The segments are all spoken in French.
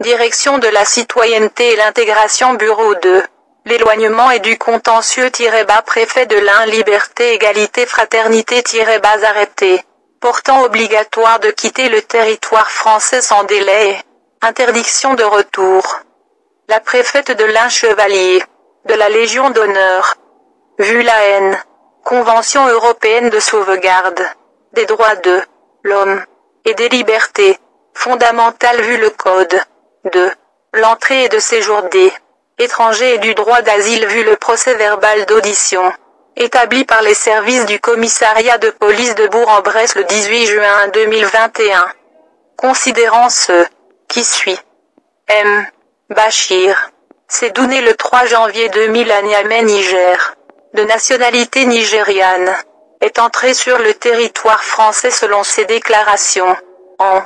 Direction de la citoyenneté et l'intégration Bureau 2. L'éloignement et du contentieux-bas préfet de l'un Liberté Égalité Fraternité-bas arrêté. Portant obligatoire de quitter le territoire français sans délai. Interdiction de retour. La préfète de l'un Chevalier. De la Légion d'honneur. Vu la haine. Convention européenne de sauvegarde. Des droits de l'homme. Et des libertés fondamentale vu le Code de l'entrée et de séjour des étrangers et du droit d'asile vu le procès verbal d'audition établi par les services du commissariat de police de Bourg-en-Bresse le 18 juin 2021. Considérant ce qui suit. M. Bachir. s'est donné le 3 janvier 2000 à Niamey, Niger. De nationalité nigériane. Est entré sur le territoire français selon ses déclarations. En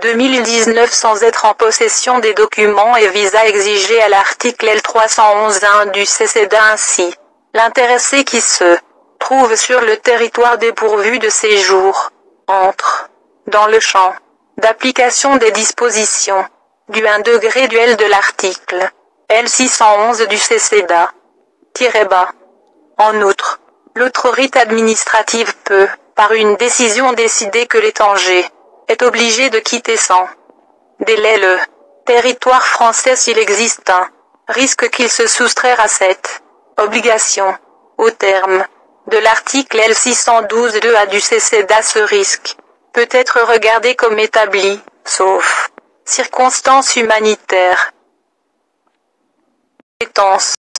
2019 sans être en possession des documents et visa exigés à l'article L311-1 du CCDA ainsi. L'intéressé qui se trouve sur le territoire dépourvu de séjour entre dans le champ d'application des dispositions du 1 degré du L de l'article L611 du CCDA. bas. En outre, l'autorite administrative peut, par une décision décider que l'étanger est obligé de quitter sans délai le territoire français s'il existe un risque qu'il se soustraire à cette obligation au terme de l'article L612-2 A du CCDA ce risque peut être regardé comme établi, sauf circonstances humanitaires.